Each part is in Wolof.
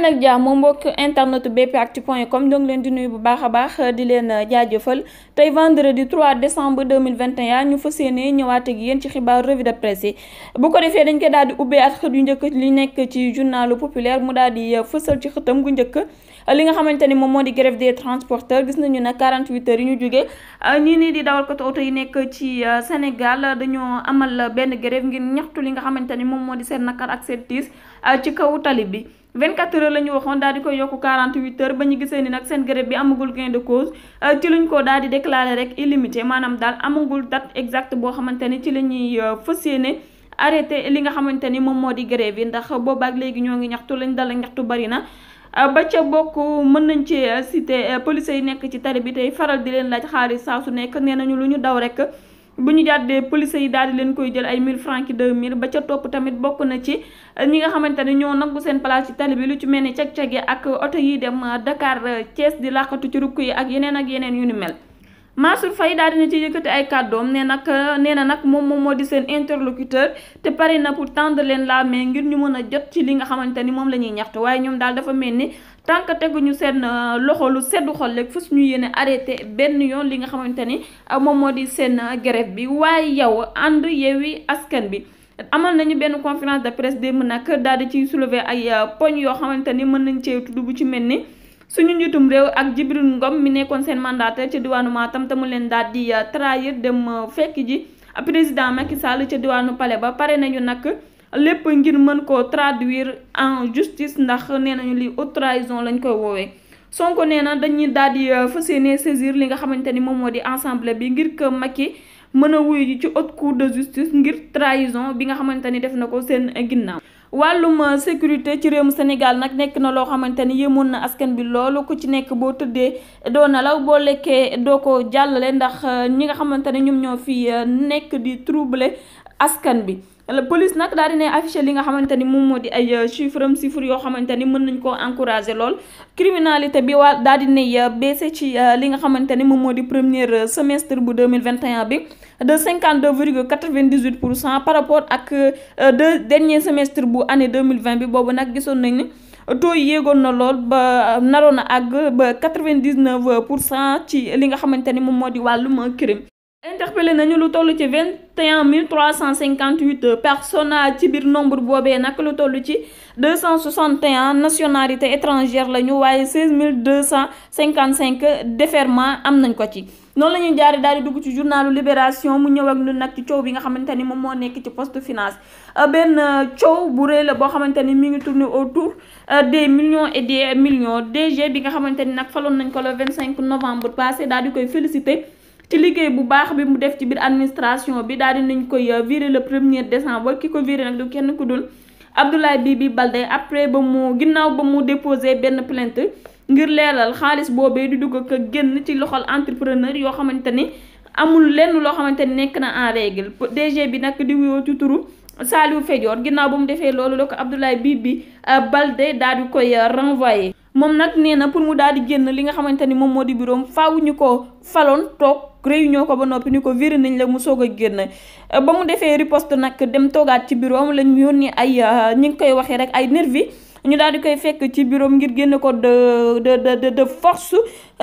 leen ak jàmm mbokk internet bpactu point comme ñoo ngi leen di nuyu bu baax a baax di leen uh, jaajafal tey vendredi 3 décembre 2021 ñu fas yéene ñëwaat ak yéen ci xibaar revue de presse yi bu ko defee dañ koy daal di ubbee at xët yu nekk ci journalu populaire mu daal di uh, fësal ci xëtam gu njëkk uh, li nga xamante ni moom moo di grève des transporteurs gis nañu ne 48 heures yi ñu jógee ñii nii di dawalkatu oto yi nekk ci Sénégal dañoo amal benn grève ngir ñaxtu li nga xamante ni moom moo di seen nakar ak seen tiis ci kaw tali bi 24 heures la ñu waxoon daal di koy yokku 48 heures ba ñu gisee ni nag seen grève bi amagul gain de cause euh, ci luñ ko daal di déclaré rek illimité maanaam daal amagul dat exact boo xamante ni ci la ñuy euh, fas yéene arrêté li nga xamante ni moom moo di grève yi ndax boobaak léegi ñoo ngi ñaxtu lañ dala ñaxtu bari na euh, ba ca bokk mën nañ ci cité police yi nekk ci tari bi tey faral di leen laaj xaalis saa su nekk nee nañu lu ñu daw rek bu ñu jàddee police yi daal di leen koy jël ay mille francs ki 2000 ba ca topp tamit bokk na ci ñi nga xamante ne ñoo nag seen place ci tali bi lu ci mel ni cag-cag yi ak oto yi dem Dakar Thiès di làqatu ci rukk yi ak yeneen ak yeneen yu ni mel Mansour Faye daal dina ci yëkkati ay kàddoom nee nag nee na nag moom moom moo di seen interlocuteur te pare na pour tendre leen la main ngir ñu mën a jot ci li nga xamante ni moom la ñuy ñaxtu waaye ñoom daal dafa mel ni tànk teguñu seen euh, loxo lu seddu xol rek fas ñu yéene arrêté benn yoon li nga xamante ni euh, moom moo di seen euh, grève bi waaye yow ànd yeewi askan bi. amal nañu benn conférence de presse démb nag daal di ciy soulever ay poñ yoo xamante ni mën nañ cee tudd bu ci mel ni. suñu njiitum réew ak Jibril Ngom mi nekkoon seen mandataire ci diwaanu Matam te mu leen daal di uh, trahir dem uh, fekk ji président Macky Sall ca diwaanu pale ba pare nañu nag lépp ngir mën koo traduire en justice ndax nee nañu li haute trahison lañ koy woowee. Sonko nee na dañuy daal di uh, fas yéene saisir li nga xamante ni moom moo di ensemble bi ngir que Macky mën a wuyu ci haute cour de justice ngir trahison bi nga xamante ni def na ko seen ginnaaw. wàllum sécurité ci réewum Sénégal nag nekk na loo xamante ni yëmoon na askan bi loolu ku ci nekk boo tëddee doo nalaw boo lekkee doo ko jàllale ndax euh, ñi nga xamante ne ñoom ñoo fi euh, nekk di troubler askan bi police nag daal dina affiché li nga xamante ni moom moo di ay euh, chiffre am yoo xamante ni mën nañ koo encouragé lool criminalité bi waa daal dina euh, baissé ci euh, li nga xamante ni moom moo di premier semestre bu 2021 bi de 52 virgule 98 pour cent par rapport ak de dernier semestre bu année 2020 bi boobu nag gisoon nañ ni taux yéegoon na lool ba naroon na àgg ba 99 pour cent ci li nga xamante ni moom moo di wàllum crime interpellé nañu lu toll ci vingt et un cent cinquante huit personnes ci biir nombre boobee nag lu toll ci deux cent soixante et un nationalité étrangère lañu waaye seize mille deux cent cinquante cinq déferment am nañ ko ci. noonu la ñuy jaaree daal di dugg ci journalu Libération mu ñëw ak ñun nag ci coow bi nga xamante ni moom moo nekk ci poste finance benn coow bu rëy la boo xamante ni mi ngi tourné autour des millions et des millions DG bi nga xamante ni nag faloon nañ ko la vingt cinq novembre passé daal di koy félicité. ci liggéey bu baax bi mu def ci biir administration bi daal di nañ koy euh, viré le premier décembre ki ko viré nag du kenn ku dul Abdoulaye bi Baldé après ba mu ginnaaw ba mu déposé benn plainte ngir leeral xaalis boobee di dugg ak génn ci loxol entrepreneur yoo xamante ni amul lenn loo xamante ni nekk na en règle DG bi nag di wuyoo ci turu Saliou Fédior ginnaaw ba mu defee loolu la ko Abdoulaye bi euh, Baldé daal di koy euh, renvoyé. moom nag nee na pour mu daal di génn li nga xamante ni moom moo di bureau faaw ñu ko faloon toog réunion ko ba noppi ni ko viré nañ la mu soog a génn ba mu defee riposte nag dem toogaat ci bureau lañ yónni ay ah, ñu ngi koy waxee rek ay nervi ñu daal di koy fekk ci bureau ngir génne ko de de de de force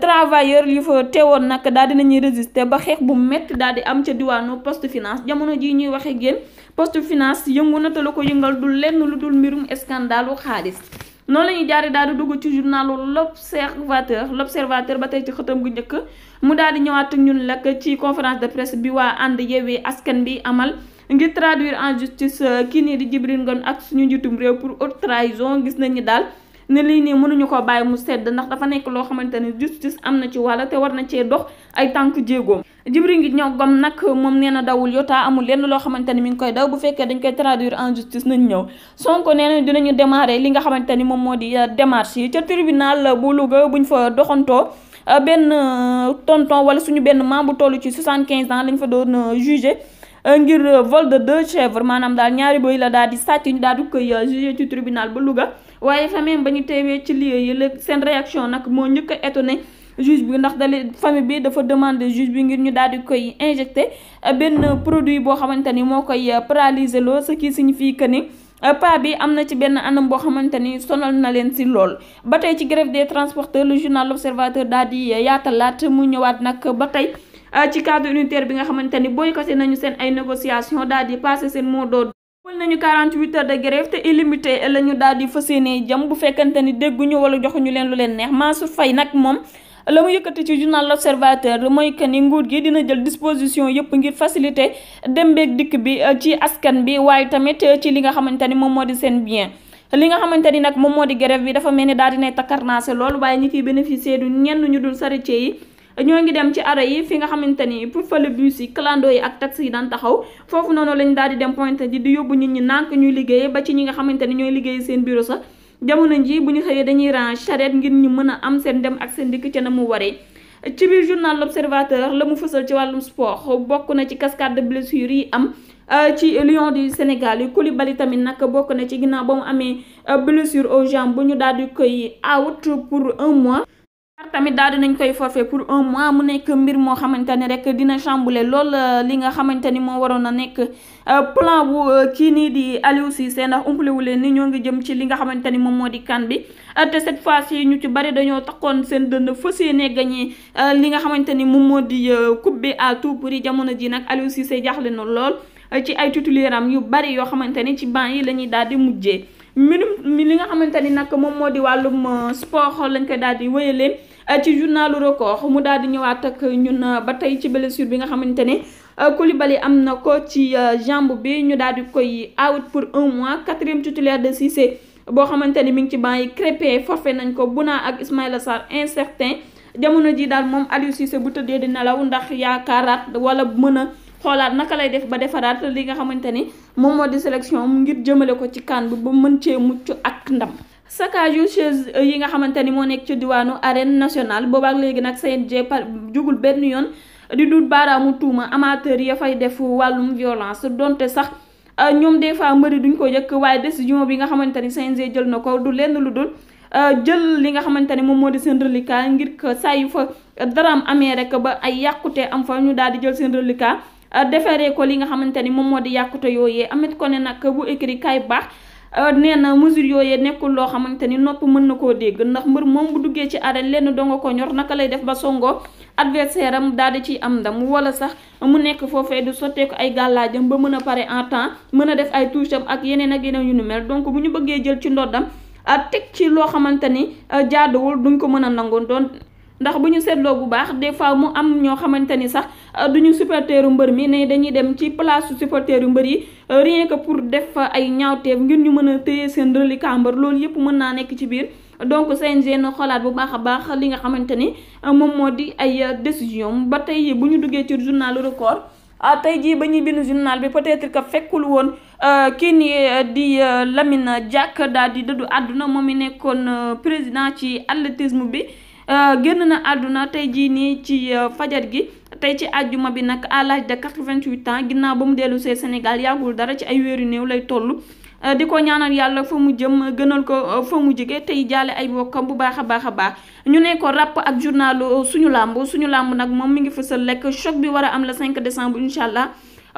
travailleur yu fa teewoon nag daal dinañuy résister ba xeex bu métti daal di am ca diwaanu poste finance jamono jii ñuy waxee génn poste finance yëngu na te ko yëngal du lenn lu dul mbirum scandale xaalis. noonu la ñuy jaaree daal di dugg ci journal l'observateur l'observateur ba tey ci xëtam gu njëkk mu daal di ñëwaat ñun lekk ci conférence de presse bi waa ànd yeewee askan bi amal ngir traduire en justice euh, kii nii di Djibril Ngom ak suñu njiitum réew pour haute trahison gis nañ ni daal ni lii nii mënuñu ko bàyyi mu sedd ndax dafa nekk loo xamante ne justice am na ci wàll te war na cee dox ay tànk jéegoom Jibril ngi ñëw gom nag moom nee na dawul yotaa amul lenn loo xamante ni mi ngi koy daw bu fekkee dañ koy traduire en justice nañ ñëw Sonko nee na dinañu démarrer li nga xamante ni moom moo di euh, démarche yi ca tribunal bu Louga buñ fa doxantoo euh, benn euh, tonton wala suñu benn membre tollu ci 75 ans lañ fa doon jugé ngir vol de chevre maanaam daal ñaari bëy la daal di sàcc ñu daal di koy jugé ci tribunal bu Louga waaye fa même ba ñu teewee ci lieu yi seen réaction nag moo njëkk a juge bi ndax dale famille bi dafa demander juge bi ngir ñu daal koy injecté euh, benn produit boo xamante ni moo koy euh, paralysé loo kii qui signifie que ni euh, pa bi am na ci benn anam boo xamante ni sonal na leen si lool ba tey ci grève des transporteurs le journal L'Observateur daal di yaatalaat mu ñëwaat nag ba tey ci cadre unitaire bi nga xamante ni boycotté nañu seen ay négociations daal di passé seen mot d'ordre wol nañu 48 heures de grève te illimité la ñu daal di fas yéene jëm bu fekkante ni dégguñu wala joxuñu leen lu leen neex Mansour Faye nag moom la mu yëkkati ci journal l'observateur mooy que ni nguur gi dina jël disposition yëpp ngir faciliter dem beeg dikk bi euh, ci askan bi waaye tamit euh, ci li nga xamante ni moom moo di seen bien. li nga xamante ni nag moom moo di grève bi dafa mel ni daal dinay takkarnaase loolu waaye ñi ciy bénéficier du ñenn ñu dul charretier yi ñoo ngi dem ci ara yi fi nga xamante ni pour fële bus yi clando yi ak taxi yi daan taxaw foofu noonu lañu daal di dem pointe ji di yóbbu nit ñi nànk ñuy liggéey ba ci ñi nga xamante ni ñooy liggéey seen bureau sax jamono ji bu ñu xëyee dañuy rang charrette ngir ñu mën a am seen dem ak seen dikk ca na mu waree. ci biir journal l'observateur la mu fësal ci wàllum sport bokk na ci cascade de blessures yi am euh, ci lion du Sénégal yi Koulibaly tamit nag bokk na ci ginnaaw ba mu amee euh, blessure aux jambes bu ñu daal di koy awat pour un mois. tamit daal dinañ koy forfait pour un mois mu nekk mbir moo xamante ne rek dina chambouler lool euh, li nga xamante ni moo waroon a nekk euh, plan bu euh, kii nii di Aliou Cissé ndax umpalewu leen ni ñoo ngi jëm ci li nga xamante ni moom moo di kan bi te cette fois ci ci bari dañoo taxoon seen dënd fas yéene gagné li nga xamante ni moom moo di coupe bi à tout prix jamono ji nag Aliou Cissé jaaxle na lool ci ay titulaire am yu bari yoo xamante ni ci banc yi la ñuy daal di mujjee mbirum mi li nga xamante ni nag moom moo di wàllum sport lañ koy daal di leen Euh, ci journalu record mu daal di ñëwaat ak ñun euh, ba tey ci blessure bi nga xamante ne euh, Koulibaly am na ko ci jambe bi ñu daal di koy out pour un mois quatrième titulaire de Cissé boo xamante ni mi ngi ci banc yi Krépin forfait nañ ko bu Bouna ak Ismaïla Sarr incertain jamono ji daal moom Aliou Cissé bu tëddee di nelaw ndax yaakaar yaakaaraat wala mën a xoolaat naka lay def ba defaraat li nga xamante ni moom moo di sélection ngir jëmale ko ci kan bi ba mën cee mucc ak ndam saccage chaise euh, yi nga xamante ni moo nekk ci diwaanu arène nationale boobaak léegi nag CNG par jugul benn yoon di dut baaraamu tuuma amateur ya fay def wàllum violence donte sax euh, ñoom des fois mbëri duñ ko yëkk waaye décision bi nga xamante ni CNG jël na ko du lenn lu dul euh, jël li nga xamante ni moom moo di seen reliquat ngir que saa fa daram amee rek ba ay yàqute am fa ñu daal di jël seen reliquat defaree ko li nga xamante ni moom moo di yàqute yooyee amet ko ne nag bu écrit kay baax. Euh, nee na mesure yooyu nekkul loo xamante ni nopp mën na koo dégg ndax mbër moom bu duggee ci arène lenn doo nga ko ñor naka lay def ba songoo adversaire am di ciy am ndam wala sax mu nekk foofee du sotteeku ay gàllaajam ba mën a pare en temps mën a def ay toucham ak yeneen ak yeneen yu nu mel donc bu ñu bëggee jël ci ndoddam euh, teg ci loo xamante ni euh, jaaduwul duñ ko mën a nangoon doon ndax bu ñu seetloo bu baax des fois mu am ñoo xamante ni sax euh, duñu ñu supporteeru mbër mi ne dañuy dem ci place supporteeru mbër yi euh, rien que pour def fa ay ñaawteef ngir ñu mën a téye seen reliquat mbër loolu yëpp mën naa nekk ci biir donc CNG na xoolaat bu baax a baax li nga xamante ni euh, moom moo di ay décision ba tey bu ñu duggee ci journal record ah, tey jii ba ñuy bind journal bi peut-être que fekkul woon kii nii di lamina jàkk daal di dëddu àdduna moom mi nekkoon président ci athlétisme bi Euh, génn na àdduna tey jii nii ci euh, fajar gi tey ci àjjuma bi nag à l'âge de 88 ans ginnaaw ba mu dellu see Sénégal yàggul dara ci ay wéeru néew lay toll euh, di ko ñaanal yàlla fa mu jëm gënal ko fa mu jege tey jaale ay bokkam bu baax a baax a baax ñu ne ko ràpp ak journal suñu làmb suñu làmb nag moom mi ngi fësal lekk choc bi war a am le 5 décembre incha allah.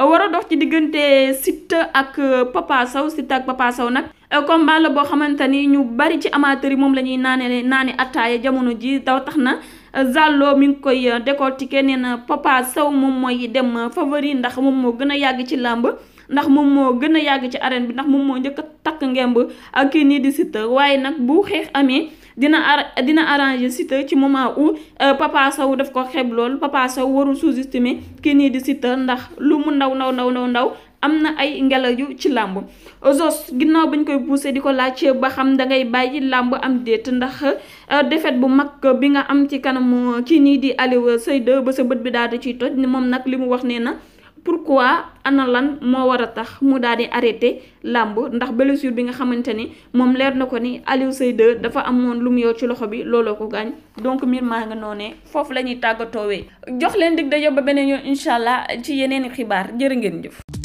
Euh, war a dox ci diggante Siteu ak euh, Papa saw Siteu ak Papa saw nag euh, combat la boo xamante ni ñu bari ci amateur yi moom la ñuy naane naane attaaya jamono ji daw tax na Zallo mi ngi koy décortiquer nee na Papa saw moom mooy dem favori ndax moom moo gën a yàgg ci làmb ndax moom moo gën a yàgg ci arène bi ndax moom moo njëkk a takk ngemb ak kii nii di Siteu waaye nag bu xeex amee dina ar dina arrangé Siteu ci moment u euh, Papa Sow daf ko xeeb lool Papa warul sous-estimer ki nii di Siteu ndax lu mu ndaw ndaw ndaw ndaw ndaw am na ay ngelaw yu ci làmb Zos ginnaaw bañ koy poussé di ko laajte ba xam da ngay bàyyi làmb am déet ndax euh, défaite bu mag bi nga am ci kanam kii nii di Aliou Seye ba sa bët bi daal di ciy toj moom nag li mu wax nee na. pourquoi ana lan moo war a tax mu daal di arrêté làmb ndax blessure bi nga xamante ni moom leer na ko ni Aliou Seye 2 dafa amoon lu mu yor ci loxo bi looloo ko gaañ donc mbir maa nga noonee foofu la ñuy we jox leen dig daje ba beneen yoon incha allah ci yeneen i xibaar jërë ngeen jëf.